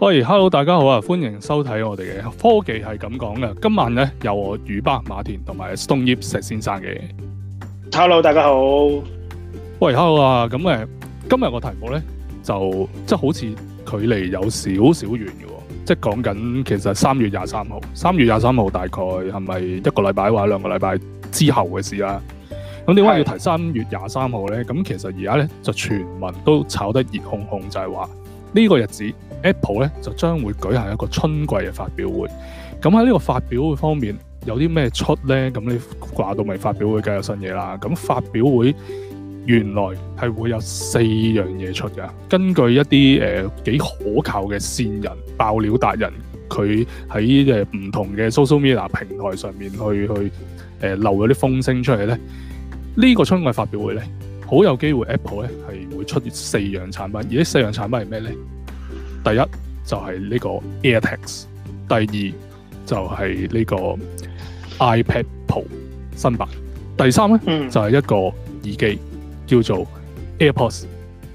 喂，Hello，大家好啊！歡迎收睇我哋嘅科技係敢講嘅。今晚咧，有我魚爸馬田同埋 Stone Ip 石先生嘅。Hello，大家好。喂，Hello 啊！咁誒，今日個題目咧，就即係好似距離有少少遠嘅，即係講緊其實三月廿三號，三月廿三號大概係咪一個禮拜或者兩個禮拜之後嘅事啊？咁點解要提三月廿三號咧？咁是其實而家咧就全民都炒得熱烘烘，就係、是、話。呢個日子，Apple 咧就將會舉行一個春季嘅發表會。咁喺呢個發表會方面有啲咩出呢？咁你掛到咪發表會梗係有新嘢啦。咁發表會原來係會有四樣嘢出㗎。根據一啲誒幾可靠嘅線人爆料達人，佢喺誒唔同嘅 social media 平台上面去去誒、呃、流咗啲風聲出嚟咧。呢、呢個春季發表會呢。好有機會 Apple 咧係會出現四樣產品，而呢四樣產品係咩咧？第一就係、是、呢個 AirTags，第二就係、是、呢個 iPad Pro 新版，第三咧就係、是、一個耳機叫做 AirPods，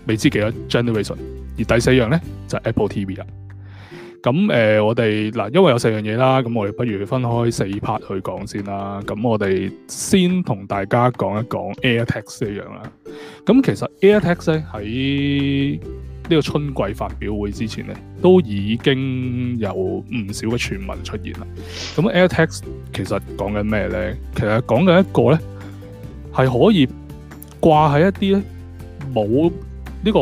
未知幾多 generation，而第四樣咧就係、是、Apple TV 啦。咁誒，我哋嗱，因為有四樣嘢啦，咁我哋不如分開四 part 去講先啦。咁我哋先同大家講一講 AirTags 呢樣啦。咁其實 AirTags 咧喺呢個春季發表會之前咧，都已經有唔少嘅傳聞出現啦。咁 AirTags 其實講緊咩咧？其實講緊一個咧，係可以掛喺一啲咧冇呢個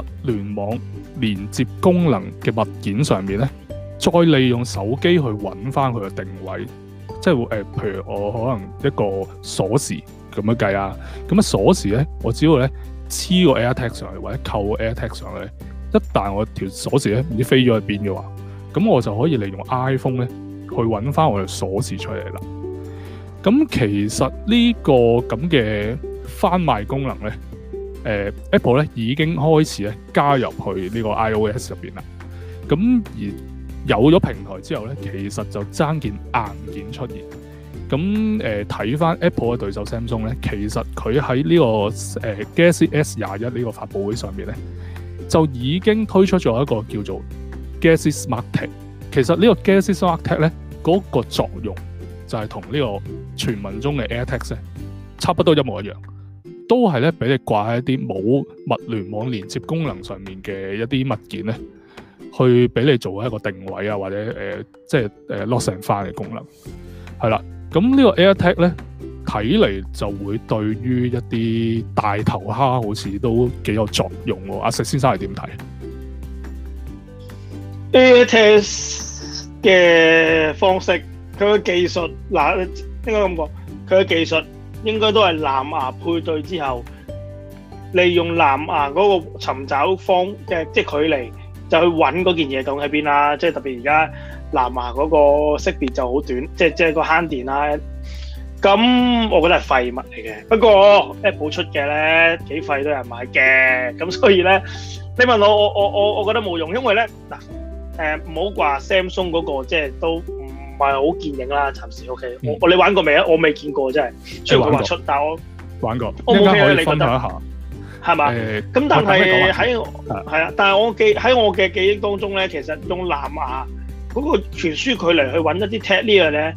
物聯網連接功能嘅物件上面咧，再利用手機去揾翻佢嘅定位，即係誒、呃，譬如我可能一個鎖匙咁樣計啊，咁啊鎖匙咧，我只要咧黐個 AirTag 上去，或者扣個 AirTag 上去，一旦我條鎖匙咧唔知飛咗去邊嘅話，咁我就可以利用 iPhone 咧去揾翻我嘅鎖匙出嚟啦。咁其實呢個咁嘅販賣功能咧。誒、呃、Apple 咧已經開始咧加入去呢個 iOS 入邊啦，咁而有咗平台之後咧，其實就爭件硬件出現。咁誒睇、呃、翻 Apple 嘅對手 Samsung 咧，其實佢喺呢個誒、呃、Galaxy S 廿一呢個發布會上面咧，就已經推出咗一個叫做 Galaxy Smart Tag。其實個呢個 Galaxy Smart Tag 咧，嗰、那個作用就係同呢個傳聞中嘅 Air Tag 咧，差不多一模一樣。都係咧，俾你掛喺一啲冇物聯網連接功能上面嘅一啲物件咧，去俾你做一個定位啊，或者誒、呃，即係誒 location 化嘅功能，係啦。咁呢個 AirTag 咧，睇嚟就會對於一啲大頭蝦好似都幾有作用喎。阿石先生係點睇 AirTag 嘅方式？佢嘅技術，嗱，應該咁講，佢嘅技術。應該都係藍牙配對之後，利用藍牙嗰個尋找方嘅即係距離，就去揾嗰件嘢咁喺邊啦。即係特別而家藍牙嗰個識別就好短，即係即係個慳電啦。咁我覺得係廢物嚟嘅。不過 Apple 出嘅咧，幾廢都有人買嘅。咁所以咧，你問我我我我我覺得冇用，因為咧嗱，誒，唔好話 Samsung 嗰個即係都。唔係好見影啦，啊，暫時 O K。OK，嗯、我你玩過未啊？我未見過真係，雖然佢話出。但我玩過，OK，你覺得係嘛？咁但係喺係啊，呃、在但係我記喺我嘅記憶當中咧，的其實用藍牙嗰個傳輸距離去揾一啲 tag 呢樣咧，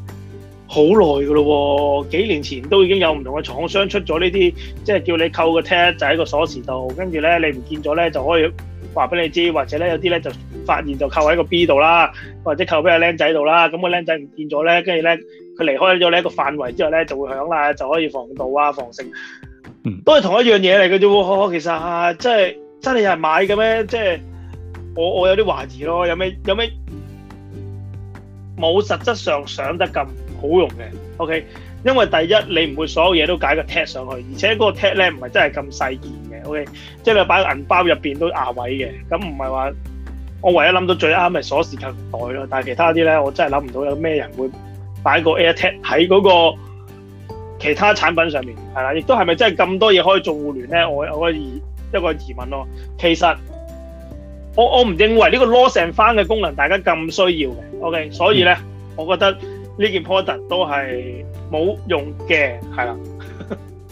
好耐㗎咯喎。幾年前都已經有唔同嘅廠商出咗呢啲，即、就、係、是、叫你扣個 tag 就喺、是、個鎖匙度，跟住咧你唔見咗咧就可以話俾你知，或者咧有啲咧就。發現就扣喺個 B 度啦，或者扣俾個僆仔度啦。咁個僆仔唔見咗咧，跟住咧佢離開咗呢一個範圍之後咧，就會響啦，就可以防盜啊、防盜。都係同一樣嘢嚟嘅啫喎。其實即係真係有人買嘅咩？即係我我有啲懷疑咯。有咩有咩冇實質上想得咁好用嘅？OK，因為第一你唔會所有嘢都解個 tag 上去，而且嗰個 tag 咧唔係真係咁細件嘅。OK，即係你擺喺銀包入邊都亞位嘅，咁唔係話。我唯一諗到最啱係鎖匙及袋咯，但係其他啲咧，我真係諗唔到有咩人會擺個 AirTag 喺嗰個其他產品上面，係啦，亦都係咪真係咁多嘢可以做互聯咧？我我疑一個疑問咯。其實我我唔認為呢個 loss and find 嘅功能大家咁需要嘅。OK，所以咧，嗯、我覺得呢件 product 都係冇用嘅，係啦。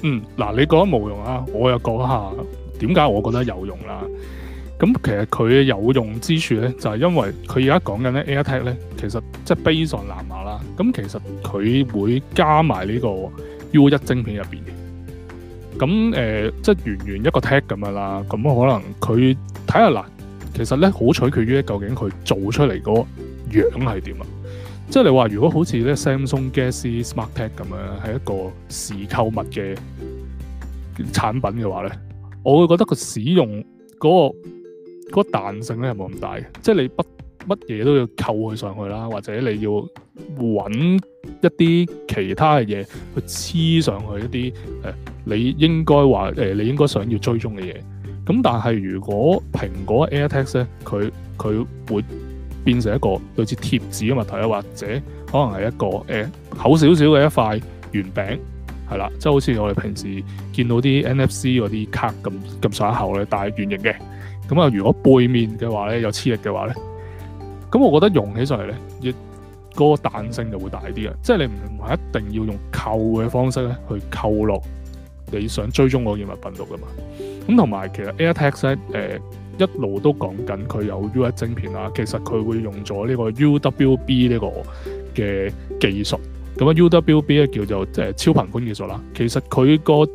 嗯，嗱，你覺得冇用啊，我又講下點解我覺得有用啦、啊。咁其實佢有用之處咧，就係、是、因為佢而家講緊咧 AirTag 咧，其實即係 Based on 藍牙啦。咁其實佢會加埋呢個 U1 晶片入面嘅。咁即係圓圓一個 tag 咁樣啦。咁可能佢睇下嗱，其實咧好取決於究竟佢做出嚟嗰樣係點啊。即係你話如果好似咧 Samsung Galaxy SmartTag 咁樣，係一個時購物嘅產品嘅話咧，我會覺得佢使用嗰、那個嗰個彈性咧係冇咁大嘅，即係你不乜嘢都要扣佢上去啦，或者你要揾一啲其他嘅嘢去黐上去一啲誒、呃，你應該話誒、呃，你應該想要追蹤嘅嘢。咁但係如果蘋果 AirTags 咧，佢佢會變成一個類似貼紙嘅物體咧，或者可能係一個誒、呃、厚少少嘅一塊圓餅係啦，即係好似我哋平時見到啲 NFC 嗰啲卡咁咁上一口咧，大圓形嘅。咁啊，如果背面嘅話咧，有黐力嘅話咧，咁我覺得用起上嚟咧，亦、那、嗰個彈性就會大啲嘅，即係你唔係一定要用扣嘅方式咧去扣落你想追蹤嗰個物品度嘅嘛。咁同埋其實 AirTag 咧，誒、呃、一路都講緊佢有 U1 晶片啦，其實佢會用咗呢個 UWB 呢個嘅技術。咁啊，UWB 咧，叫做誒超頻寬技術啦，其實佢個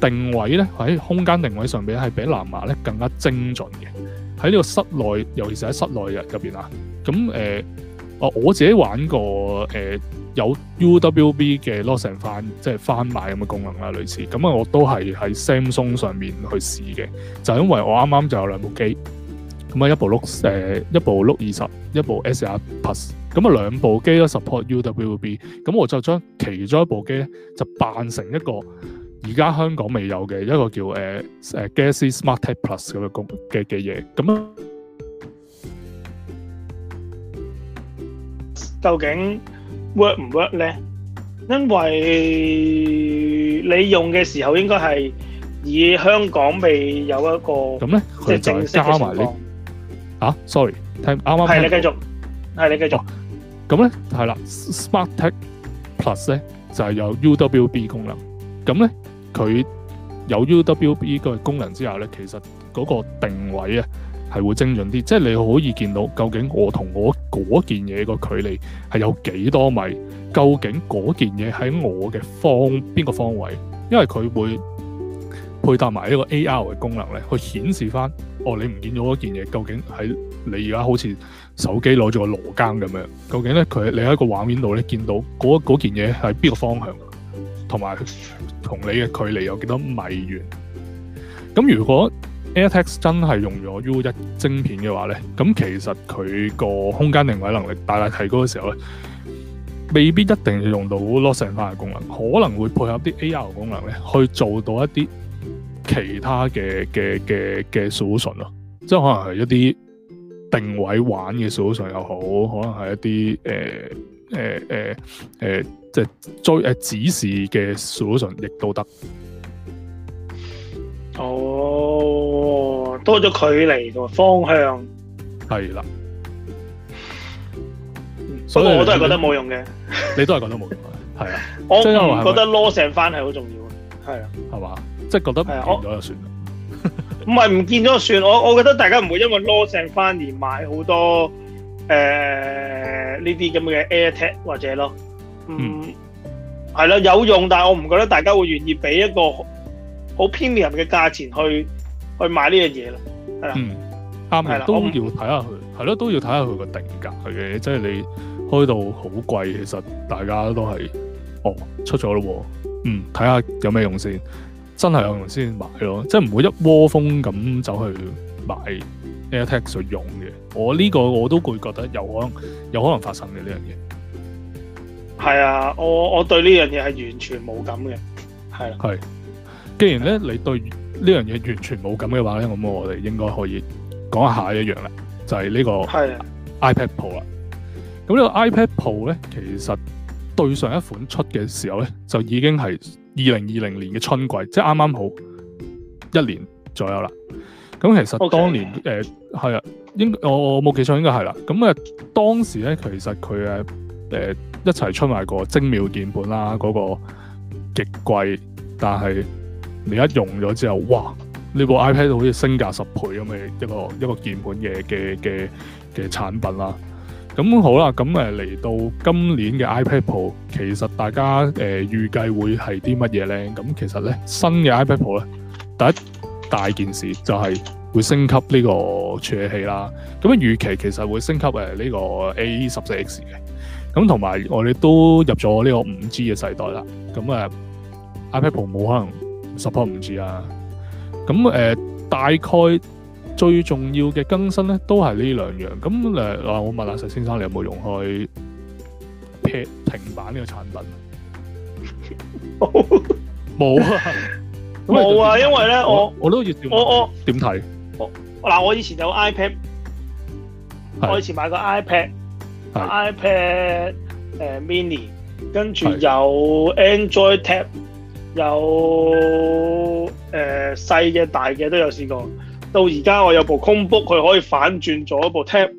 定位咧喺空間定位上邊咧，係比藍牙咧更加精準嘅。喺呢個室內，尤其是喺室內嘅入邊啊。咁誒，我、呃、我自己玩過誒、呃、有 UWB 嘅 lost and find，即係翻買咁嘅功能啦，類似。咁啊，我都係喺 Samsung 上面去試嘅。就是、因為我啱啱就有兩部機，咁啊、呃，一部 Note 誒一部 Note 二十，一部 S 一 Plus。咁啊，兩部機都 support UWB。咁我就將其中一部機咧，就扮成一個。而家香港未有嘅一個叫誒誒 Galaxy Smart Tag Plus 咁嘅工嘅嘅嘢，咁啊，究竟 work 唔 work 咧？因為你用嘅時候應該係以香港未有一個咁咧，即係正式嘅情況。啊，sorry，聽啱啱，係你繼續，係你繼續。咁咧係啦，Smart Tag Plus 咧就係有 UWB 功能。咁咧？佢有 UWB 個功能之下咧，其實嗰個定位啊係會精準啲，即係你可以見到究竟我同我嗰件嘢個距離係有幾多米，究竟嗰件嘢喺我嘅方邊個方位，因為佢會配搭埋一個 AR 嘅功能咧，去顯示翻哦，你唔見咗嗰件嘢究竟喺你而家好似手機攞住個羅庚咁樣，究竟咧佢你喺個畫面度咧見到嗰嗰件嘢係邊個方向的？同埋同你嘅距離有幾多米遠？咁如果 AirTags 真係用咗 U1 晶片嘅話咧，咁其實佢個空間定位能力大大提高嘅時候咧，未必一定要用到 lossing 化嘅功能，可能會配合啲 AR 功能咧，去做到一啲其他嘅嘅嘅嘅數算咯。即係可能係一啲定位玩嘅數算又好，可能係一啲誒誒誒誒。即係追誒指示嘅 solution 亦都得。哦，多咗距離同方向。係啦的，嗯、所以我都係覺得冇用嘅。你都係覺得冇用，係啊 的。我反而覺得 loss 翻係好重要啊，係啊，係嘛，即係覺得唔見咗就算。唔係唔見咗就算，我我覺得大家唔會因為 loss 翻而買好多誒呢啲咁嘅 air tag 或者咯。嗯，係啦、嗯，有用，但係我唔覺得大家會願意俾一個好偏離嘅價錢去去買呢樣嘢咯，係啊，嗯，啱嘅，都要睇下佢，係咯，都要睇下佢個定價嘅，即係你開到好貴，其實大家都係哦出咗咯，嗯，睇下有咩用先，真係有用先買咯，即係唔會一窩蜂咁走去買 AirTags 去用嘅，我呢個我都會覺得有可能有可能發生嘅呢樣嘢。這個係啊，我我對呢樣嘢係完全冇感嘅，係、啊。係，既然咧你對呢樣嘢完全冇感嘅話咧，咁我哋應該可以講下一樣啦，就係、係、呢個 iPad Pro 啦。咁呢個 iPad Pro 咧，其實對上一款出嘅時候咧，就已經係二零二零年嘅春季，即係啱啱好一年左右啦。咁其實當年誒係 Okay.、呃、啊，我冇應我我冇記錯應該係啦。咁啊，當時咧其實佢誒。誒、呃、一齊出賣個精妙鍵盤啦，嗰、那個極貴，但係你一用咗之後，哇！呢、這、部、個、iPad 好似升價十倍咁嘅一個一個鍵盤嘅嘅嘅嘅產品啦。咁好啦，咁誒嚟到今年嘅 iPad Pro，其實大家誒、呃、預計會係啲乜嘢咧？咁其實咧新嘅 iPad Pro 咧，第一大件事就係會升級呢個處理器啦。咁樣預期其實會升級誒呢、呃這個 A 十、e、四 X 嘅。咁同埋我哋都入咗呢個五 G 嘅世代啦，咁啊 iPad 冇可能 support 五 G 啊。咁誒、呃、大概最重要嘅更新咧都係呢兩樣，咁誒啊我問阿石先生你有冇用開平板呢個產品？冇冇 啊？冇啊！ 因為咧我我都要我我點睇？嗱我以前有 iPad，是我以前買個 iPad。是 iPad、呃、mini，跟住有 Android tab，的有誒細嘅大嘅都有試過。到而家我有部 Chromebook，佢可以反轉做一部 tab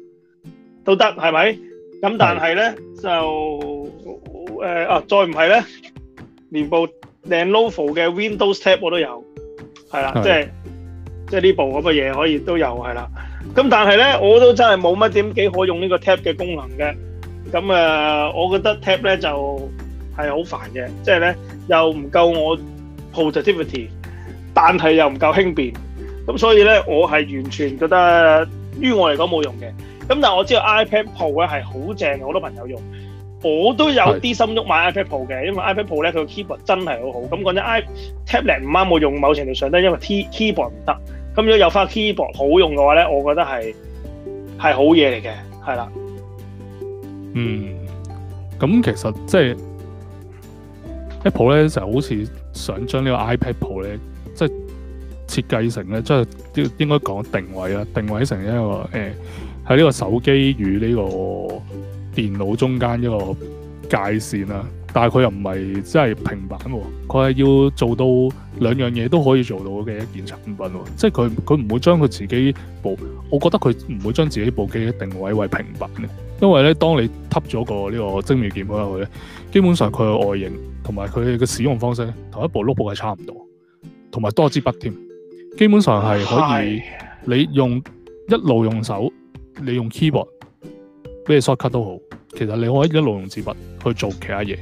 都得，係咪？咁但係咧的就、呃、啊，再唔係咧，連部 Lenovo 嘅 Windows tab 我都有，係啦，即係即係呢部咁嘅嘢可以都有，係啦。咁但係咧，我都真係冇乜點幾可用呢個 tab 嘅功能嘅。咁誒，我覺得 tab 咧就係好煩嘅，即係咧又唔夠我 productivity，但係又唔夠輕便。咁所以咧，我係完全覺得於我嚟講冇用嘅。咁但係我知道 iPad Pro 咧係好正，好多朋友用，我都有啲心喐買 iPad Pro 嘅，因為 iPad Pro 咧佢個 keyboard 真係好好。咁講真 i tab 咧唔啱，冇用，某程度上都因為 t keyboard 唔得。咁如果有翻 keyboard 好用嘅話咧，我覺得係好嘢嚟嘅，係啦。嗯，咁其實即係 Apple 咧，就好似想將呢個 iPad Pro 咧，即係設計成咧，即係應該講定位啊，定位成一個誒喺呢個手機與呢個電腦中間一個界線啦。但佢又唔係真係平板喎，佢係要做到兩樣嘢都可以做到嘅一件產品喎。即係佢佢唔會將佢自己部，我覺得佢唔會將自己部機定位為平板嘅，因為咧，當你執咗個呢個精妙鍵盤入去咧，基本上佢嘅外形同埋佢嘅使用方式同一部碌部 t 係差唔多，同埋多支筆添，基本上係可以的你用一路用手，你用 keyboard，咩 shortcut 都好，其實你可以一路用筆去做其他嘢。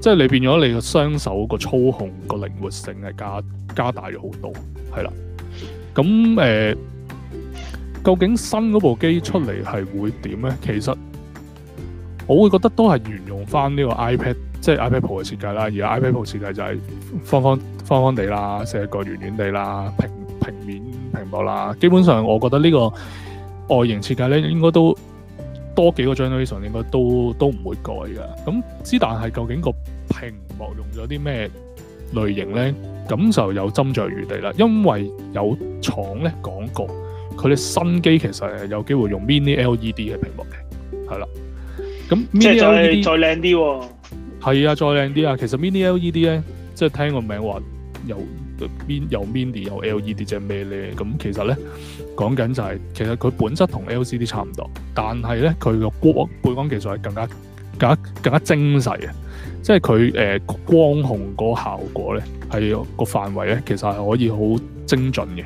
即係你變咗你個雙手個操控個靈活性係加加大咗好多，係啦。咁誒、呃，究竟新嗰部機出嚟係會點咧？其實我會覺得都係沿用翻呢個 iPad，即係 iPad Pro 嘅設計啦。而 iPad Pro 設計就係方方方方地啦，成一個圓圓地啦，平平面屏幕啦。基本上，我覺得呢個外形設計咧，應該都。多幾個 generation 應該都都唔會改嘅，咁之但係究竟個屏幕用咗啲咩類型咧，咁就有斟酌餘地啦。因為有廠咧講過，佢哋新機其實係有機會用 mini LED 嘅屏幕嘅，係啦。咁即係再 LED，再靚啲喎。係啊，再靚啲啊！其實 mini LED 咧，即係聽個名話有。邊有 mini 有 LED 即係咩咧？咁其實咧講緊就係其實佢本質同 LCD 差唔多，但係咧佢個背光其實係更加更加更加精細啊！即係佢誒光控個效果咧係個範圍咧，其實係可以好精準嘅。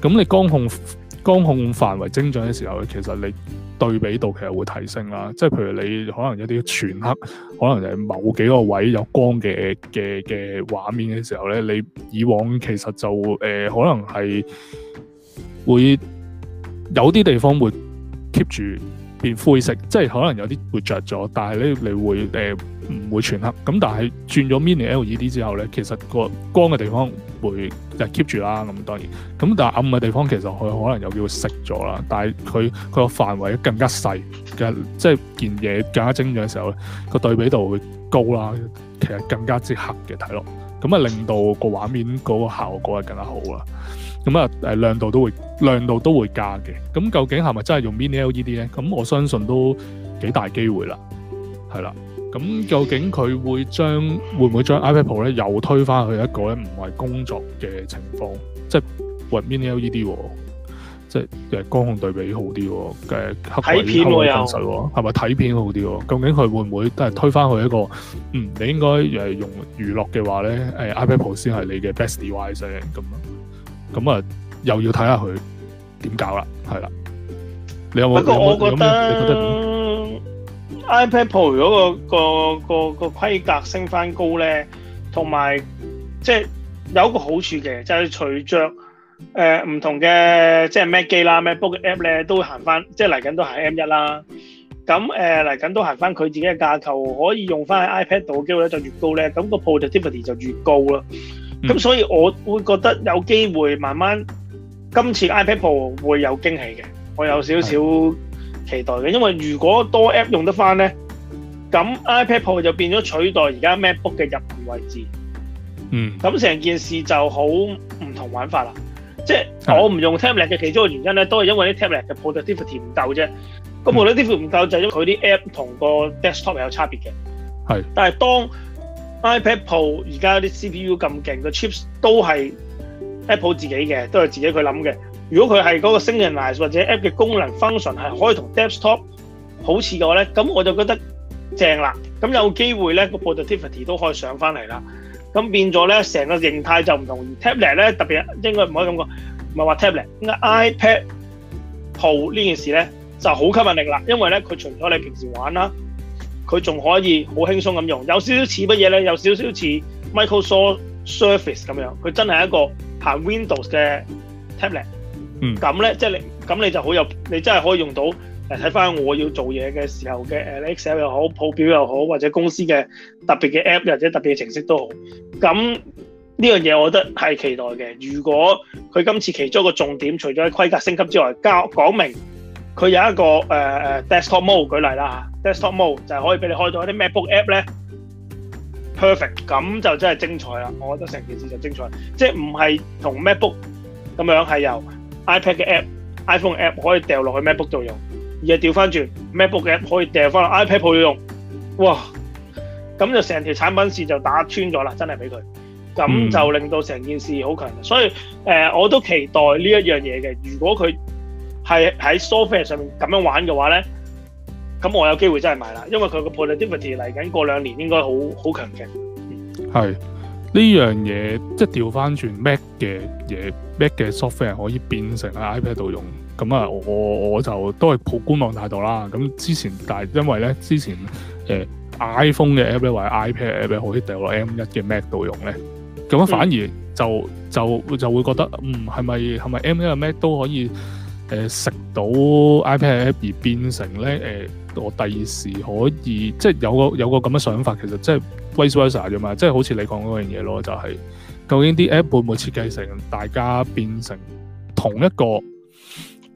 咁你光控光控範圍精準嘅時候呢，其實你，對比度其實會提升啦，即係譬如你可能有啲全黑，可能係某幾個位有光嘅嘅嘅畫面嘅時候咧，你以往其實就誒、呃、可能係會有啲地方會 keep 住。變灰色，即係可能有啲會着咗，但係咧你會誒唔、呃、會全黑。咁但係轉咗 mini LED 之後咧，其實個光嘅地方會誒 keep 住啦。咁當然，咁但係暗嘅地方其實佢可能有機會熄咗啦。但係佢佢個範圍更加細嘅，即係件嘢更加精緻嘅時候咧，個對比度會高啦。其實更加即黑嘅睇落，咁啊令到個畫面嗰個效果係更加好啊！咁啊，亮度都會亮度都會加嘅。咁究竟係咪真係用 mini LED 咧？咁我相信都幾大機會啦，係啦。咁究竟佢會將會唔會將 iPad Pro 咧又推返去一個咧唔係工作嘅情況，即係用 mini LED，即係光控對比好啲，誒黑位黑位更實，係咪睇片好啲？究竟佢會唔會都係推返去一個嗯？你應該用娛樂嘅話咧，uh，iPad Pro 先係你嘅 best device 咁咁啊，又要睇下佢點搞啦，係啦。不過我覺得 iPad Pro 如果個個個個規格升翻高咧，同埋即係有一個好處嘅，就係隨著誒唔同嘅即係 Mac 機啦、MacBook 嘅 App 咧，都會行翻，即係嚟緊都行 M1 啦。咁誒嚟緊都行翻佢自己嘅架構，可以用翻喺 iPad 度嘅機會咧，就越高咧，咁個 productivity 就越高啦。咁、嗯、所以我會覺得有機會慢慢，今次 iPad Pro 會有驚喜嘅，我有少少期待嘅。因為如果多 app 用得翻咧，咁 iPad Pro 就變咗取代而家 MacBook 嘅入門位置。嗯。咁成件事就好唔同玩法啦。即係我唔用 tablet 嘅其中嘅原因咧，都係因為啲 tablet 嘅 productivity 唔夠啫。咁 productivity 唔夠就因為佢啲 app 同個 desktop 有差別嘅。係、嗯。但係當 iPad Pro 而家啲 CPU 咁勁，個 chips 都係 Apple 自己嘅，都係自己去諗嘅。如果佢係嗰個 signaling 或者 app 嘅功能 function 係可以同 desktop 好似嘅話咧，咁我就覺得正啦。咁有機會咧，個 productivity 都可以上翻嚟啦。咁變咗咧成個形態就唔同，而 tablet 咧特別應該唔可以咁講，唔係話 tablet，iPad Pro 呢件事咧就好吸引力啦，因為咧佢除咗你平時玩啦。佢仲可以好輕鬆咁用，有少少似乜嘢咧？有少少似 Microsoft Surface 咁樣，佢真係一個行 Windows 嘅 tablet。嗯，咁咧即係你，咁你就好有，你真係可以用到誒睇翻我要做嘢嘅時候嘅誒 Excel 又好，報表又好，或者公司嘅特別嘅 app，又或者特別嘅程式都好。咁呢樣嘢，我覺得係期待嘅。如果佢今次其中一個重點，除咗係規格升級之外，加講明佢有一個誒誒 desktop mode 舉例啦嚇。Desktop mode 就係可以俾你開到一啲 MacBook app 咧，perfect 咁就真係精彩啦！我覺得成件事就精彩，即係唔係同 MacBook 咁樣係由 iPad 嘅 app、iPhone app 可以掉落去 MacBook 度用，而係調翻轉 MacBook app 可以掉翻落 iPad 度用，哇！咁就成條產品線就打穿咗啦，真係俾佢咁就令到成件事好強。所以、呃、我都期待呢一樣嘢嘅。如果佢係喺 Surface 上面咁樣玩嘅話咧。咁我有機會真係買啦，因為佢個 productivity 嚟緊，過兩年應該好好強勁。係呢樣嘢，即係調翻轉 Mac 嘅嘢，Mac 嘅 software 可以變成喺 iPad 度用。咁啊，我我就都係抱觀望態度啦。咁之前，但係因為咧，之前誒、呃、iPhone 嘅 app 或者 iPad 嘅 app 好似掉落 M 一嘅 Mac 度用咧，咁啊反而就、嗯、就就，就會覺得，嗯，係咪係咪 M 一嘅 Mac 都可以誒食、呃、到 iPad 嘅 app 而變成咧誒？呃我第二時可以即係有個有個咁樣嘅想法，其實即係 vice versa 嘅嘛，即係好似你講嗰樣嘢咯，就係、係、究竟啲 app 會唔會設計成大家變成同一個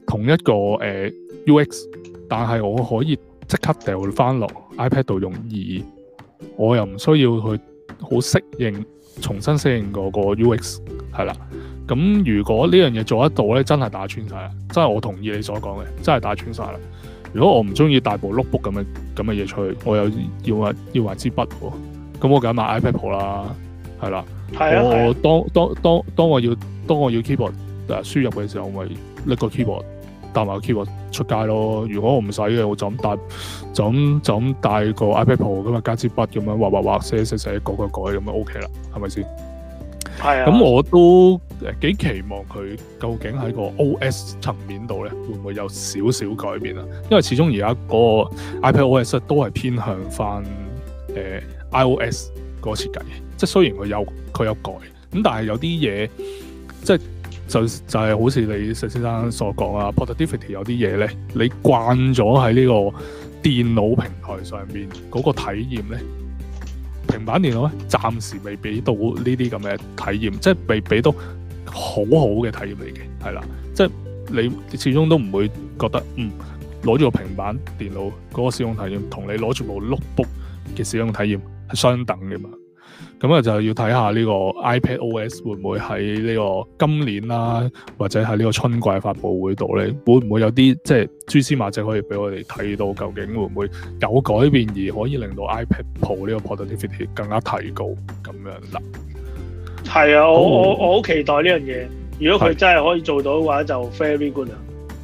同一個誒、呃、UX，但係我可以即刻掉翻落 iPad 度用而，而我又唔需要去好適應重新適應嗰個 UX 係啦。咁如果呢樣嘢做得到咧，真係打穿晒啦！真係我同意你所講嘅，真係打穿晒啦。如果我唔中意大部碌 book 咁嘅咁嘅嘢出去，我又要話要埋支筆喎，咁我揀埋 iPad 啦，係啦，啊、我當當當當我要當我要 keyboard 輸入嘅時候，我咪拎個 keyboard 帶埋個 keyboard 出街咯。如果我唔使嘅，我就咁帶就咁就咁帶個 iPad 咁啊加支筆咁樣畫畫畫寫寫寫改改改咁啊 OK 啦，係咪先？係啊的，咁我都。幾期望佢究竟喺個 OS 層面度咧，會唔會有少少改變啊？因為始終而家個 iPadOS 都係偏向翻 iOS 嗰個設計，即係雖然佢有佢有改，咁但係有啲嘢即係就就係好似你石先生所講啊，Productivity 有啲嘢咧，你慣咗喺呢個電腦平台上面嗰個體驗咧，平板電腦咧暫時未俾到呢啲咁嘅體驗，即係未俾到。好好嘅體驗嚟嘅，係啦，即係你始終都唔會覺得，嗯，攞住個平板電腦嗰個使用體驗同你攞住部碌 book 嘅使用體驗係相等嘅嘛。咁啊就要睇下呢個 iPad OS 會唔會喺呢個今年啦，或者喺呢個春季發佈會度咧，會唔會有啲即係蛛絲馬跡可以俾我哋睇到，究竟會唔會有改變而可以令到 iPad Pro 呢個 productivity 更加提高咁樣啦。係啊，我、oh, 我我好期待呢樣嘢。如果佢真係可以做到嘅話就非常好，就 very good 啦。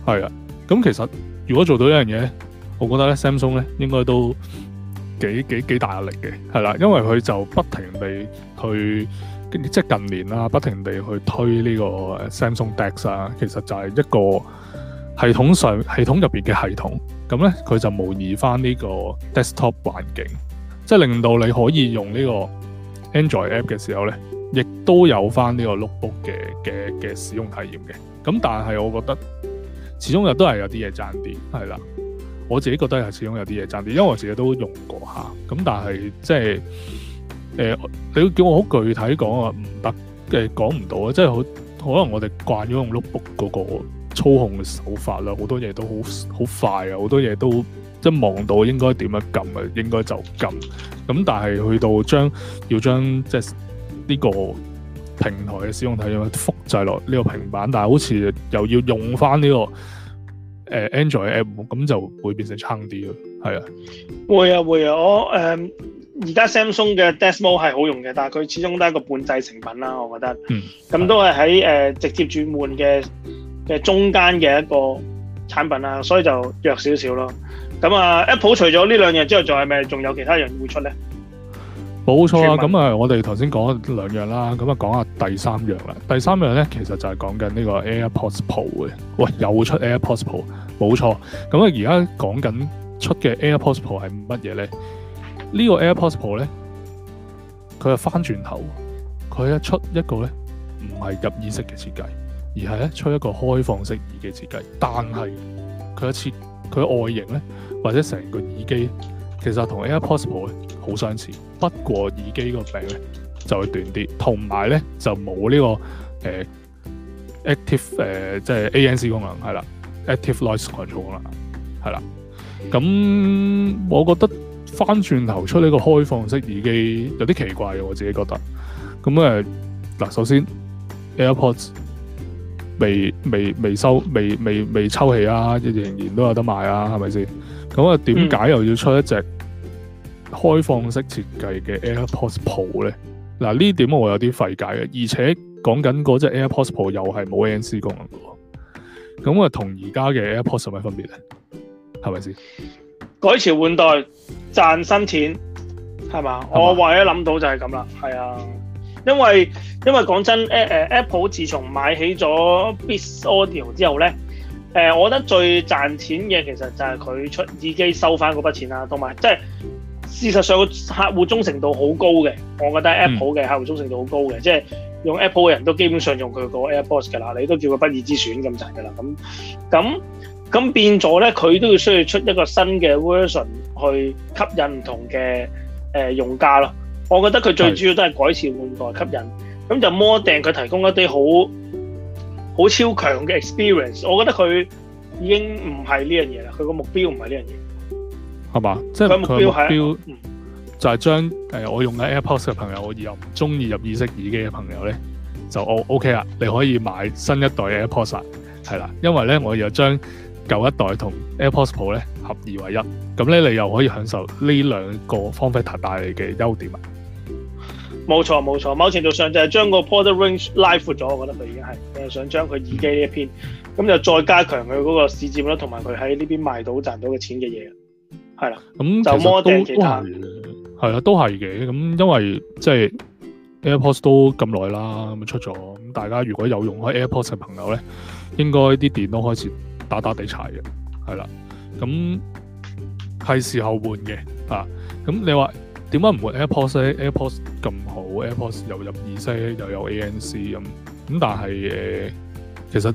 係啊，咁其實如果做到呢樣嘢，我覺得咧，Samsung 咧應該都幾幾幾大壓力嘅。係啦、啊，因為佢就不停地去即係近年啦、啊，不停地去推呢個 Samsung Dex 啊。其實就係一個系統上系統入邊嘅系統咁咧，佢就模擬翻呢個 desktop 環境，即係令到你可以用呢個 Android App 嘅時候咧，亦都有翻呢個碌 book 嘅嘅嘅使用體驗嘅，咁但係我覺得始終又都係有啲嘢爭啲，係啦，我自己覺得係始終是有啲嘢爭啲，因為我自己都用過吓，咁但係即係、呃、你叫我好具體講啊？唔得嘅，講唔到啊，即係好可能我哋慣咗用碌 book 嗰個操控嘅手法啦，好多嘢都好好快啊，好多嘢都一望到應該點樣撳啊，應該就撳，咁但係去到將要將即係。呢個平台嘅使用體驗複製落呢個平板，但係好似又要用翻、這、呢個誒、呃、Android app，咁就會變成差啲咯。係啊，會啊會啊，我誒而家 Samsung 嘅 DeX mode 係好用嘅，但係佢始終都係一個半製成品啦，我覺得。嗯。咁都係喺誒直接轉換嘅嘅中間嘅一個產品啦，所以就弱少少咯。咁啊，Apple 除咗呢兩樣之外，仲係咪仲有其他人會出咧？冇錯啊！咁啊，我哋頭先講兩樣啦，咁啊，講下第三樣啦。第三樣咧，其實就係講緊呢個 AirPods Pro 嘅。喂，又出 AirPods Pro，冇錯。咁啊，而家講緊出嘅 AirPods Pro 係乜嘢咧？呢個 AirPods Pro 咧，佢係翻轉頭，佢一出一個咧，唔係入耳式嘅設計，而係咧出一個開放式耳機設計。但係佢一設佢外形咧，或者成個耳機，其實同 AirPods Pro 咧好相似。不過耳機個柄咧就會短啲，同埋咧就冇呢、這個誒、呃、active 誒即係 ANC 功能係啦，active noise control 功能啦係啦。咁我覺得返轉頭出呢個開放式耳機有啲奇怪嘅，我自己覺得。咁誒嗱，首先 AirPods 未未未收未未未抽起啊，仍然都有得賣啊，係咪先？咁啊，點解又要出一隻？開放式設計嘅 AirPods Pro 咧，嗱、啊、呢點我有啲費解嘅，而且講緊嗰隻 AirPods Pro 又係冇 NC 功能嘅喎，咁啊同而家嘅 AirPods 有咩分別咧？係咪先？改朝換代賺新錢係嘛？吧我唯一諗到就係咁啦，係啊，因為因為講真、啊啊、Apple 自從買起咗 Beats Audio 之後咧，誒、啊、我覺得最賺錢嘅其實就係佢出耳機收翻嗰筆錢啦，同埋即係。事實上個客戶忠誠度好高嘅，我覺得 Apple 嘅客戶忠誠度好高嘅，嗯、即係用 Apple 嘅人都基本上用佢個 AirPods 㗎啦，你都叫佢不二之選咁滯嘅啦。咁咁咁變咗咧，佢都要需要出一個新嘅 version 去吸引唔同嘅誒、呃、用家咯。我覺得佢最主要都係改善換代吸引，咁的就摩掟佢提供一啲好好超強嘅 experience。我覺得佢已經唔係呢樣嘢啦，佢個目標唔係呢樣嘢。係嘛？即係佢目標就係將誒我用嘅 AirPods 嘅朋友，又唔中意入耳式耳機嘅朋友咧，就 O OK 啦。你可以買新一代 AirPods 係啦，因為咧我又將舊一代同 AirPods Pro 咧合二為一。咁咧你又可以享受呢兩個 Benefit 帶嚟嘅優點啊！冇錯冇錯，某程度上就係將個 Product Range 拉闊咗，我覺得佢已經係、就係、想將佢耳機呢一邊，咁就再加強佢嗰個市佔率，同埋佢喺呢邊賣到賺到嘅錢嘅嘢。係啦，咁其實都係啦，都係嘅。咁因為即係 AirPods 都咁耐啦，咁出咗，咁大家如果有用開 AirPods 嘅朋友咧，應該啲電都開始打打地柴嘅，係啦。咁係時候換嘅啊。咁你話點解唔換 AirPods 咧？AirPods 咁好，AirPods 又入耳式，又有 ANC 咁，咁但係誒、呃，其實。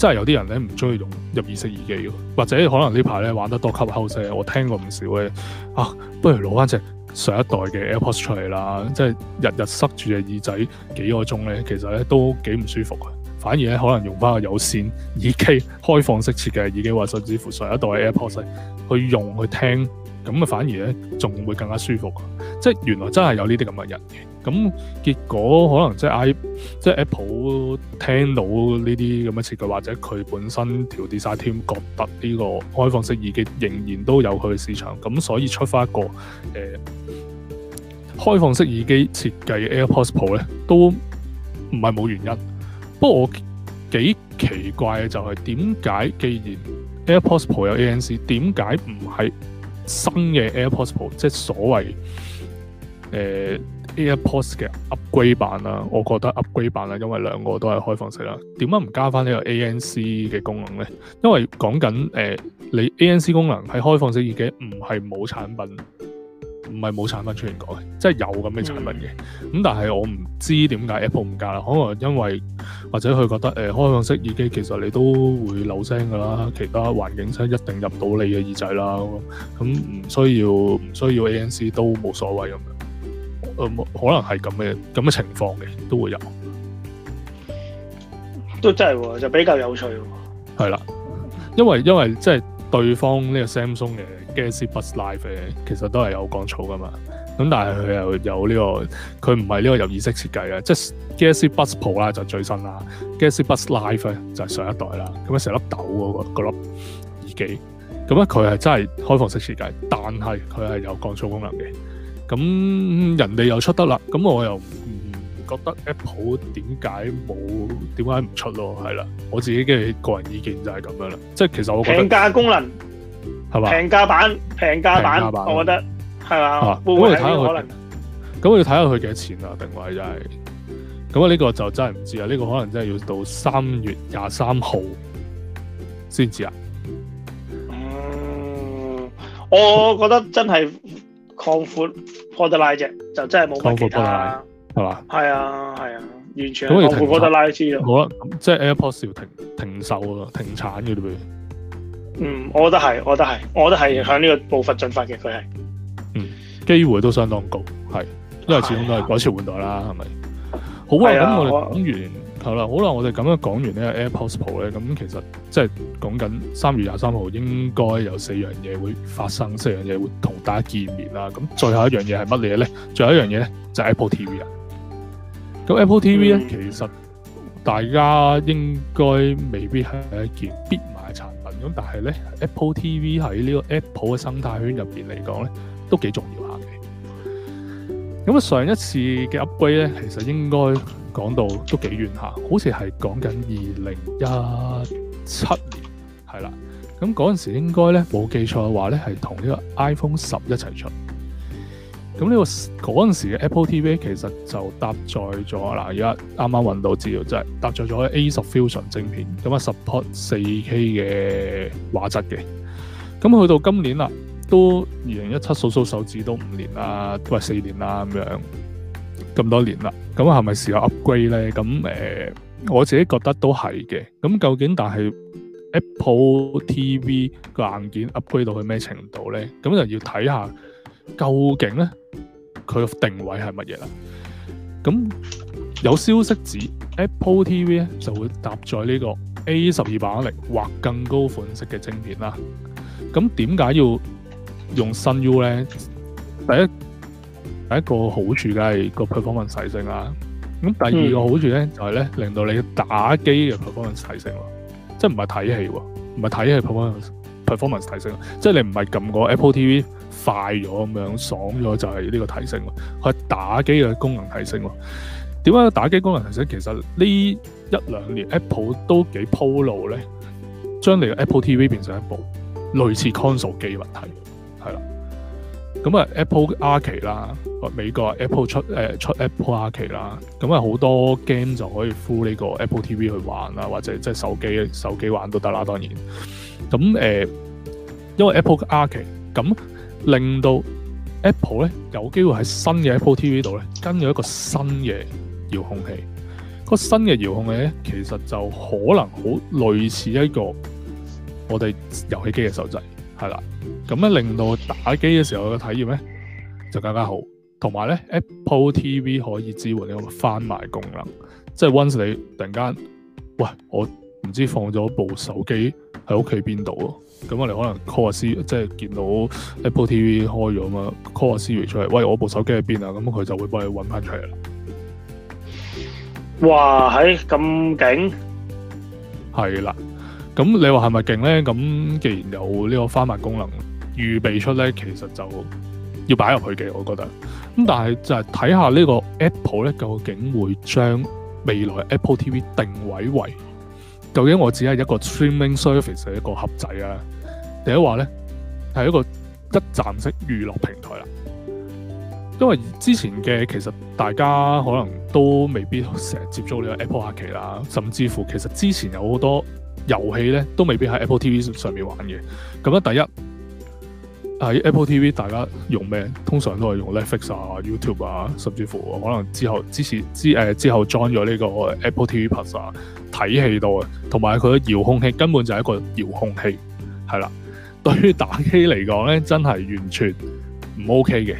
真係有啲人咧，唔中意用入耳式耳機嘅，或者可能呢排咧玩得多 Clubhouse，我聽過唔少嘅啊，不如攞翻隻上一代嘅 AirPods 出嚟啦！即係日日塞住隻耳仔幾個鐘咧，其實咧都幾唔舒服嘅，反而咧可能用翻個有線耳機、開放式設計耳機，或者甚至乎上一代嘅 AirPods 去用去聽。咁啊，反而咧，仲會更加舒服。即係原來真係有呢啲咁嘅人嘅。咁結果可能即係 i 即係 Apple 聽到呢啲咁嘅設計，或者佢本身 design team，覺得呢個開放式耳機仍然都有佢嘅市場。咁所以出翻一個誒、呃、開放式耳機設計 AirPods Pro 咧，都唔係冇原因。不過我幾奇怪嘅就係點解既然 AirPods Pro 有 ANC，點解唔係？新嘅 AirPods Pro 即係所謂、呃、AirPods 嘅 upgrade 版啦，我覺得 upgrade 版啦，因為兩個都係開放式啦。點解唔加翻呢個 ANC 嘅功能呢？因為講緊、呃、你 ANC 功能喺開放式已經唔係冇產品。唔係冇產品出現過嘅，即係有咁嘅產品嘅。咁、嗯、但係我唔知點解 Apple 唔加啦，可能因為或者佢覺得誒、呃、開放式耳機其實你都會漏聲㗎啦，其他環境聲一定入到你嘅耳仔啦。咁唔需要唔需要 ANC 都冇所謂咁。誒、呃，可能係咁嘅咁嘅情況嘅，都會有。都真係、哦，就比較有趣、哦。係啦，因為因為即係對方呢個 Samsung 嘅。G.S.C. Buds Live 咧，其實都係有降噪噶嘛。咁但係佢又有呢、呢個，佢唔係呢個入耳式設計啊。即係 G.S.C. Buds Pro 啦，就最新啦。G.S.C. Buds Live 咧就係上一代啦。咁一成粒豆嗰粒耳機，咁咧佢係真係開放式設計，但係佢係有降噪功能嘅。咁人哋又出得啦，咁我又唔覺得 Apple 點解冇點解唔出咯？係啦，我自己嘅個人意見就係咁樣啦。即係其實我覺得平價功能。係嘛？平價版，平價版，平價版我覺得係嘛？可能，咁我要睇下佢幾錢啊？定位就係咁啊。呢個就真係唔知啊。呢、呢個可能真係要到三月廿三號先知啊。嗯，我覺得真係擴闊 Pod Lite，就真係冇乜其他係嘛？係啊，係啊，啊，完全擴闊 Pod Lite 好啦，即係 AirPods 要停停售啊，停產嘅嗯，我覺得係，我覺得係，我覺得係向呢個步伐進發嘅，佢係。嗯，機會都相當高，係，因為始終都係改朝換代啦，係咪、哎呀？好啊，咁、哎、呀我哋講完，我好啦，好啦，我哋咁樣講完這個呢個 AirPods Pro 咧，咁其實即係講緊三月廿三號應該有四樣嘢會發生，四樣嘢會同大家見面啦。咁最後一樣嘢係乜嘢咧？ 最後一樣嘢咧就係、係、Apple TV 啊。咁 Apple TV 咧，嗯、其實大家應該未必係一件必。咁但係咧，Apple TV 喺呢個 Apple 嘅生態圈入邊嚟講咧，都幾重要下嘅。咁啊，上一次嘅 upgrade 咧，其實應該講到都幾遠下，好似係講緊二零一七年，係啦。咁嗰陣時應該咧冇記錯嘅話咧，係同呢個 iPhone 十一齊出。咁呢個嗰陣時嘅 Apple TV 其實就搭載咗啦，而家啱啱揾到資料，就係搭載咗 A10 Fusion 晶片，咁啊 support 四 K 嘅畫質嘅。咁去到今年啦，都二零一七數數手指都五年啦，都係四年啦咁樣，咁多年啦，咁係咪時候 upgrade 咧？咁誒，我自己覺得都係嘅。咁究竟但係 Apple TV 個硬件 upgrade 到去咩程度咧？咁就要睇下究竟咧。佢嘅定位係乜嘢啦？咁有消息指 Apple TV 咧就會搭載呢個 A 十二版嚟或更高款式嘅晶片啦。咁點解要用新 U 咧？第一，第一個好處梗係個 performance 提升啊。咁第二個好處咧就係、是、咧令到你打機嘅 performance 提升喎，即唔係睇戲喎，唔係睇戲嘅 performance performance 提升，即係你唔係撳個 Apple TV。快咗咁樣，爽咗就係呢個提升。佢打機嘅功能提升喎。點解打機功能提升？其實呢一兩年 Apple 都幾鋪路咧。將你嘅 Apple TV 變成一部類似 console 機嘅型，係啦。咁啊，Apple Arcade 啦，美國 Apple 出、呃、出 Apple Arcade 啦，咁啊好多 game 就可以喺呢個 Apple TV 去玩啦，或者即係手機手機玩都得啦。當然咁、呃、因為 Apple Arcade 咁。令到 Apple 咧有機會喺新嘅 Apple TV 度咧跟咗一個新嘅遙控器。個新嘅遙控器咧其實就可能好類似一個我哋遊戲機嘅手掣，係啦，咁咧令到打機嘅時候嘅體驗咧就更加好。同埋咧，Apple TV 可以支援一個翻埋功能，即係 once 你突然間，喂，我唔知放咗部手機喺屋企邊度啊！咁我哋可能 call 個 Siri 即係見到 Apple TV 開咗嘛，call 個 Siri 出嚟，喂，我部手機喺邊啊，咁佢就會幫你搵翻出嚟啦。哇，係咁勁？係啦，咁你話係咪勁咧？咁既然有呢個翻譯功能，預備出咧，其實就要擺入去嘅，我覺得。咁但係就係睇下呢個 Apple 咧，究竟會將未來 Apple TV 定位為？究竟我只係一個 streaming service 嘅一個盒仔啊？第一話咧，係一個一站式娛樂平台啦、啊。因為之前嘅其實大家可能都未必成日接觸呢個 Apple Arcade 啦，甚至乎其實之前有好多遊戲咧都未必喺 Apple TV 上面玩嘅。咁呢，第一。喺 Apple TV 大家用咩？通常都係用 Netflix 啊、YouTube 啊，甚至乎可能之後之前之誒之後裝咗呢個 Apple TV Plus 啊，睇戲到啊。同埋佢嘅遙控器根本就係一個遙控器，係啦。對於打機嚟講咧，真係完全唔 OK 嘅。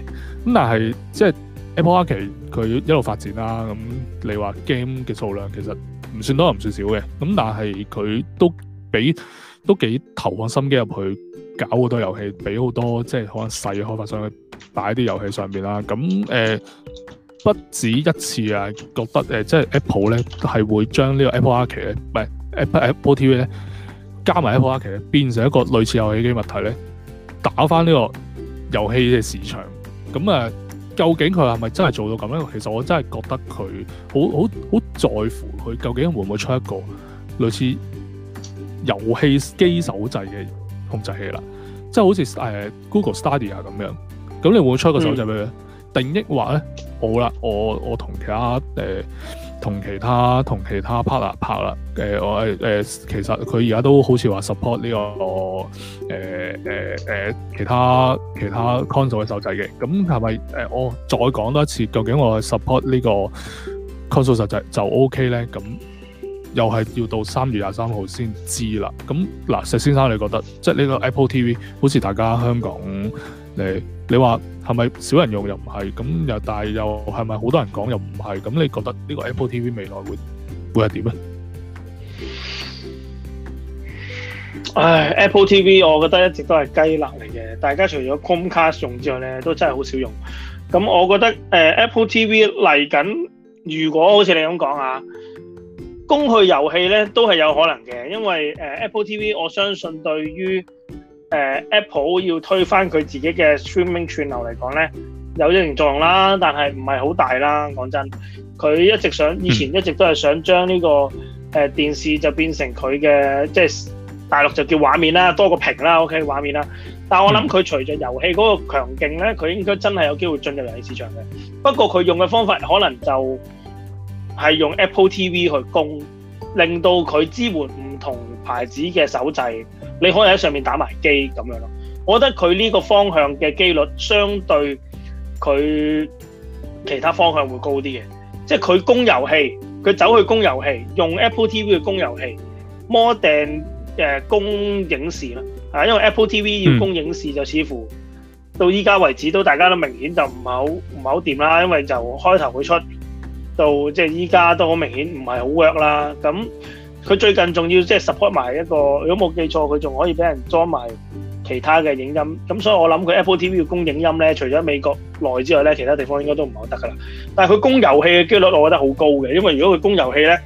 咁但係即係 Apple Arcade 佢一路發展啦、啊。咁你話 game 嘅數量其實唔算多唔算少嘅。咁但係佢都比。都幾投放心機入去搞好多遊戲，俾好多即係可能細嘅開發商擺喺啲遊戲上邊啦。咁誒、呃，不止一次啊，覺得誒、呃，即係 Apple 咧係會將呢個 Apple Arcade 咧，唔係 Apple Apple TV 咧，加埋 Apple Arcade 變成一個類似遊戲機物體咧，打翻呢個遊戲嘅市場。咁啊，究竟佢係咪真係做到咁樣？其實我真係覺得佢好好好在乎佢究竟會唔會出一個類似。遊戲機手掣嘅控制器啦，即係好似誒、呃、Google Stadia 啊咁樣，咁你會唔會出個手掣俾佢？嗯、定抑或咧，我啦，我我同其他誒同、呃、其他同其他 partner 拍啦，誒、呃、我誒、呃、其實佢而家都好似話 support 呢個誒誒誒其他其他 console 嘅手掣嘅，咁係咪誒我再講多一次，究竟我 support 呢個 console 手掣就 OK 咧？咁？又係要到三月廿三號先知啦。咁嗱，石先生，你覺得即係呢個 Apple TV 好似大家香港，你你話係咪少人用又唔係？咁又但係又係咪好多人講又唔係？咁你覺得呢個 Apple TV 未來會會係點咧？唉，Apple TV 我覺得一直都係雞肋嚟嘅。大家除咗 Comcast 用之外咧，都真係好少用。咁我覺得誒、呃、，Apple TV 嚟緊，如果好似你咁講啊。供佢遊戲咧都係有可能嘅，因為誒、呃、Apple TV，我相信對於誒、呃、Apple 要推翻佢自己嘅 streaming 串流嚟講咧有一定作用啦，但係唔係好大啦。講真，佢一直想以前一直都係想將呢、這個誒、呃、電視就變成佢嘅，即、就、係、是、大陸就叫畫面啦，多個屏啦，OK 畫面啦。但我諗佢隨着遊戲嗰個強勁咧，佢應該真係有機會進入遊戲市場嘅。不過佢用嘅方法可能就係用 Apple TV 去供，令到佢支援唔同牌子嘅手掣，你可以喺上面打埋機咁樣咯。我覺得佢呢個方向嘅機率相對佢其他方向會高啲嘅，即係佢供遊戲，佢走去供遊戲，用 Apple TV 去供遊戲，摩訂誒供影視啦，啊，因為 Apple TV 要供影視就似乎、嗯、到依家為止都大家都明顯就唔係好唔係好掂啦，因為就開頭會出。到即係依家都好明顯唔係好弱啦，咁佢最近仲要即係 support 埋一個，如果冇記錯佢仲可以俾人裝埋其他嘅影音，咁所以我諗佢 Apple TV 要供影音咧，除咗美國內之外咧，其他地方應該都唔係好得㗎啦。但係佢供遊戲嘅機率，我覺得好高嘅，因為如果佢供遊戲咧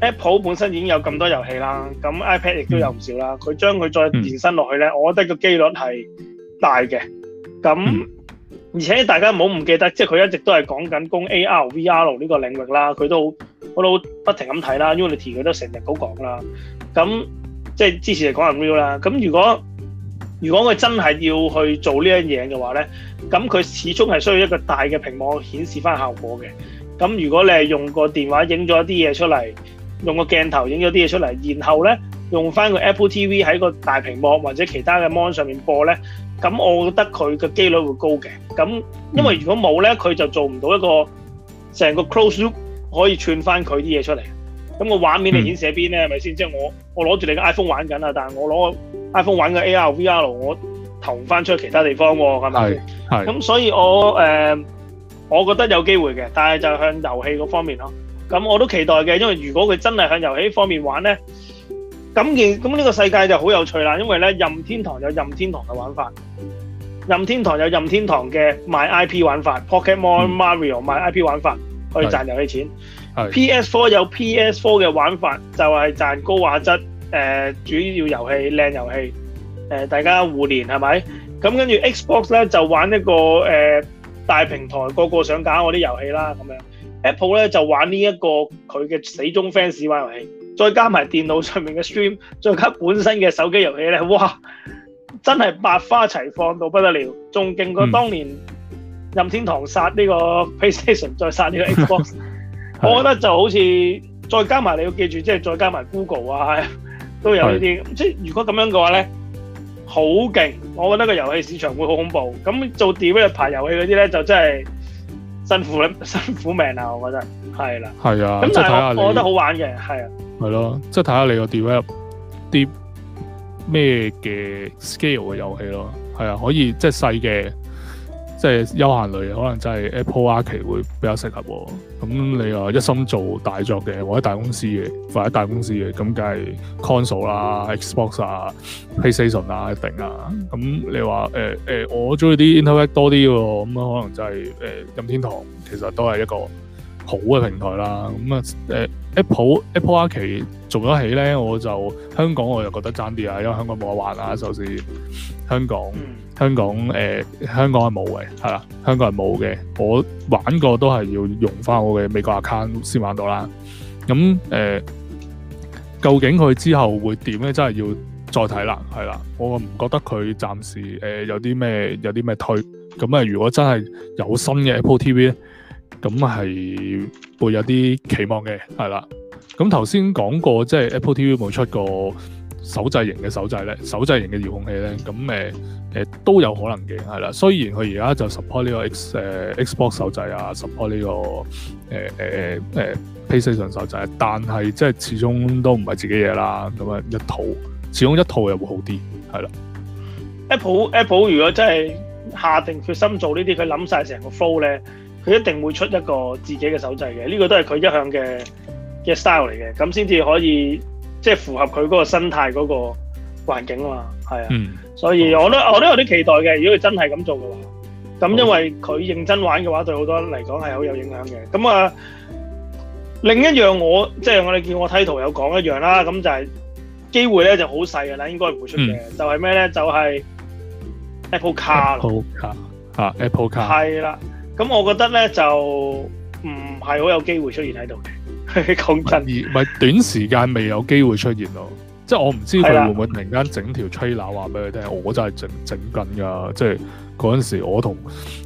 ，Apple 本身已經有咁多遊戲啦，咁 iPad 亦都有唔少啦，佢將佢再延伸落去咧，我覺得個機率係大嘅，咁。而且大家唔好唔記得，即係佢一直都係講緊供 AR、VR 呢個領域啦。佢都我都不停咁睇啦，Unity 佢都成日都講啦。咁即係之前就講 Real 啦。咁如果如果佢真係要去做呢樣嘢嘅話咧，咁佢始終係需要一個大嘅屏幕顯示翻效果嘅。咁如果你係用個電話影咗一啲嘢出嚟，用個鏡頭影咗啲嘢出嚟，然後咧用翻個 Apple TV 喺個大屏幕或者其他嘅 Mon 上面播咧。咁我覺得佢嘅機率會高嘅，咁因為如果冇咧，佢就做唔到一個成個 close loop 可以串翻佢啲嘢出嚟。咁、那個畫面嚟、嗯、顯示喺邊咧？係咪先？即係我我攞住你嘅 iPhone 玩緊啊，但係我攞 iPhone 玩嘅 AR VR，我投翻出去其他地方喎，係咪？係。咁所以我誒、呃，我覺得有機會嘅，但係就向遊戲嗰方面咯。咁我都期待嘅，因為如果佢真係向遊戲方面玩咧。咁咁呢個世界就好有趣啦，因為咧任天堂有任天堂嘅玩法，任天堂有任天堂嘅賣 IP 玩法，Pokémon、mon，嗯、Mario 賣 IP 玩法去賺遊戲錢。PS4 有 PS4 嘅玩法，就係、是、賺高畫質、呃，主要遊戲靚遊戲、呃，大家互聯係咪？咁跟住 Xbox 咧就玩一個、呃、大平台，個個想搞我啲遊戲啦咁樣。Apple 咧就玩呢、這、一個佢嘅死忠 fans 玩遊戲。再加埋電腦上面嘅 stream，再加本身嘅手機遊戲咧，哇！真係百花齊放到不得了，仲勁過當年任天堂殺呢個 PlayStation，再殺呢個 Xbox、 啊。我覺得就好似再加埋你要記住，即係再加埋 Google 啊，啊，都有呢啲。是即係如果咁樣嘅話咧，好勁！我覺得個遊戲市場會好恐怖。咁做 developer 排遊戲嗰啲咧，就真係辛苦啦，辛苦命啊！我覺得係啦，係啊。咁、啊、但係我，我覺得好玩嘅，係啊。係咯，即係睇下你個 develop 啲咩嘅 scale 嘅遊戲咯。係啊，可以即係細嘅，即係休閒類嘅，可能真係 Apple Arcade 會比較適合。咁你話一心做大作嘅，或者大公司嘅，或者大公司嘅，咁梗係 console 啦、Xbox 啊、PlayStation 啊，一定啊。咁你話、呃呃、我中意啲 interact 多啲嘅，咁可能就係、是、誒、呃、任天堂，其實都係一個。好嘅平台啦，咁、嗯、啊、欸、Apple Apple Arcade 做得起咧，我就香港我就覺得爭啲啊，因為香港冇得玩啊，就是香港香港誒香港係冇嘅，係啦，香港係冇嘅，我玩過都係要用翻我嘅美國 account 先玩到啦。咁、呃、究竟佢之後會點咧？真係要再睇啦，係啦，我唔覺得佢暫時、呃、有啲咩有啲咩推。咁啊，如果真係有新嘅 Apple TV 咧？咁係會有啲期望嘅，係啦。咁頭先講過，即係 Apple TV 冇出過手掣型嘅手掣咧，手掣型嘅遙控器咧，咁誒誒都有可能嘅，係啦。雖然佢而家就 support 呢個 X 誒、呃、Xbox 手掣啊，support 呢、這個誒誒、呃、誒、呃呃、PlayStation 手掣，但係即係始終都唔係自己嘢啦。咁啊一套，始終一套又會好啲，係啦。Apple Apple 如果真係下定決心做呢啲，佢諗晒成個 flow 咧。佢一定會出一個自己嘅手掣嘅，呢個都係佢一向嘅嘅 style 嚟嘅，咁先至可以即係符合佢嗰個生態嗰個環境啊嘛，係啊，嗯、所以我都我都有啲期待嘅。如果佢真係咁做嘅話，咁因為佢認真玩嘅話，對好多人嚟講係好有影響嘅。咁啊，另一樣我即係、就是、我哋見我睇 title 有講一樣啦，咁就係機會咧就好細嘅啦，應該唔會出嘅、嗯。就係咩咧？就係 Apple Car 啦吓，Apple Car 係啦。啊 Apple Car 咁我覺得咧就唔係好有機會出現喺度嘅，講真而唔係短時間未有機會出現咯。即係我唔知佢會唔會突然間整條吹喇話俾你聽。我真係整整緊㗎。即係嗰陣時，我同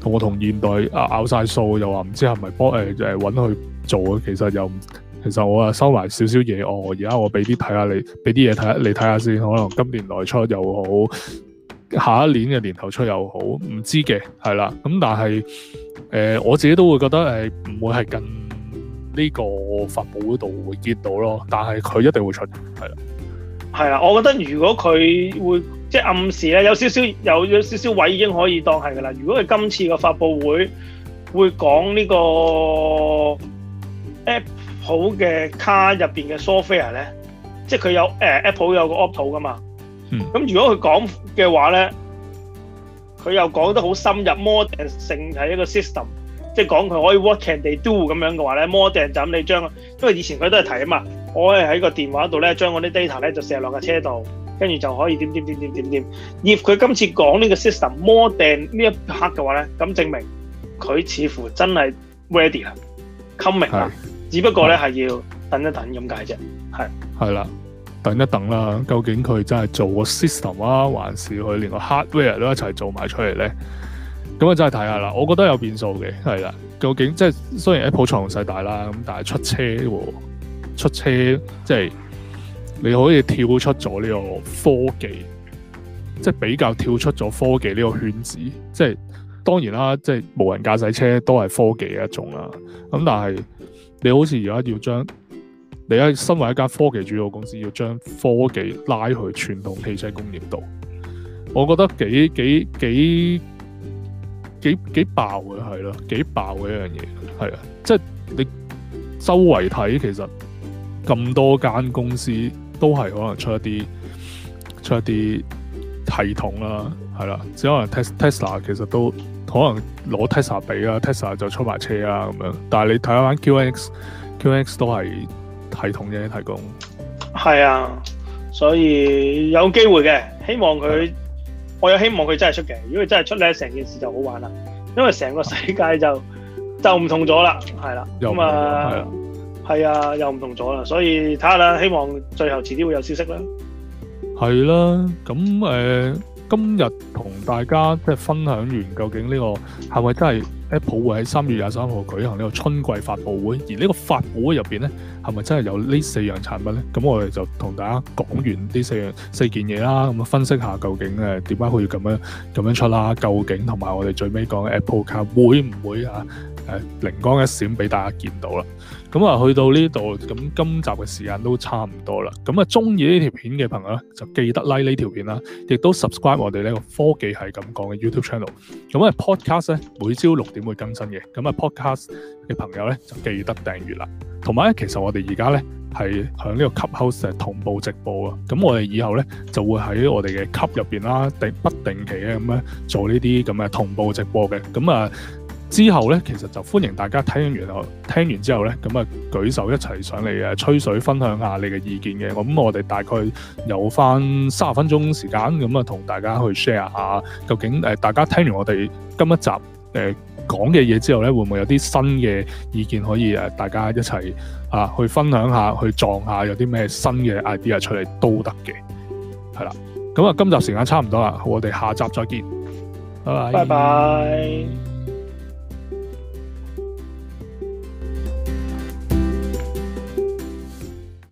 同我同現代拗晒數，又話唔知係咪幫誒誒揾去做。其實又其實我啊收埋少少嘢，哦、我而家我俾啲睇下你，俾啲嘢睇下你睇下先。可能今年內出又好，下一年嘅年頭出又好，唔知嘅係啦。咁但係。誒、呃、我自己都會覺得誒唔、呃、會係近呢個發佈會度會見到咯，但係佢一定會出現，係啦。係啦，我覺得如果佢會即係暗示咧，有少少有有少少徵兆已經可以當係噶啦。如果佢今次嘅發佈會會講這個 App 的的呢個 Apple 嘅 Car 入邊嘅 software 咧，即係佢有誒、欸、Apple 有個 Opto 噶嘛，咁、嗯、如果佢講嘅話咧。佢又講得好深入，mode 定性係一個 system，即係講佢可以 what can they do 咁樣嘅話咧 mode 定就咁你將，因為以前佢都係提啊嘛，我係喺個電話度咧將我啲 data 咧就射落架車度，跟住就可以點點點點點點。而佢今次講呢個 system mode 定呢一刻嘅話咧，咁證明佢似乎真係 ready 啦，coming 啦，是的 只不過咧係要等一等咁解啫，係，係啦。等一等啦，究竟佢真係做個 system 啊，還是佢連個 hardware 都一齊做埋出嚟咧？咁啊，真係睇下啦。我覺得有變數嘅，係啦。究竟即係雖然 Apple 財世大啦，咁但係出車喎、哦，出車即係你可以跳出咗呢個科技，即係比較跳出咗科技呢個圈子。即係當然啦，即係無人駕駛車都係科技一種啦。咁但係你好似而家要將你喺身為一間科技主導公司，要將科技拉去傳統汽車工業度，我覺得幾幾幾幾幾爆嘅係咯，幾爆嘅一樣嘢，係啊！即係你周圍睇，其實咁多間公司都係可能出一啲出一啲系統啦，係啦，只可能 Tesla 其實都可能攞 Tesla 畀啦，Tesla 就出埋車啊咁樣，但係你睇下 QNX QNX 都係。系統嘅提供，係啊，所以有機會嘅，希望佢，我有希望佢真係出嘅。如果佢真係出咧，成件事就好玩啦，因為成個世界就就唔同咗啦，係啦，咁啊，係啊，又唔同咗啦，所以睇下啦，希望最後遲啲會有消息啦。係啦，咁誒，今日同大家即係分享完，究竟呢個係咪真係？Apple 會喺三月廿三號舉行呢個春季發布會，而呢個發布會入邊咧，係咪真係有呢四樣產品咧？咁我哋就同大家講完呢四樣四件嘢啦，咁啊，分析下究竟誒點解佢咁樣咁樣出啦？究竟同埋我哋最尾講 Apple Car 會唔會啊誒靈光一閃俾大家見到啦？咁啊，去到呢度，咁今集嘅時間都差唔多啦。咁啊，中意呢條片嘅朋友咧，就記得 like 呢條片啦，亦都 subscribe 我哋呢個科技係敢講嘅 YouTube channel。咁啊，podcast 咧，每朝六點會更新嘅。咁啊，podcast 嘅朋友咧就記得訂閱啦。同埋咧，其實我哋而家咧係喺呢個 Clubhouse 同步直播啊。咁我哋以後咧就會喺我哋嘅 Club 入邊啦，定不定期咧咁樣做呢啲咁嘅同步直播嘅。咁啊～之後呢，其實就歡迎大家聽完後，聽完之後呢，咁啊舉手一齊上嚟啊，吹水分享下你嘅意見嘅。咁我哋大概有翻三十分鐘時間，咁啊同大家去 share 下，究竟誒、呃、大家聽完我哋今一集誒、呃、講嘅嘢之後呢，會唔會有啲新嘅意見可以誒、呃、大家一齊啊、呃、去分享下去撞下有，有啲咩新嘅 idea 出嚟都得嘅。係啦，咁啊今集時間差唔多啦，我哋下集再見。拜拜。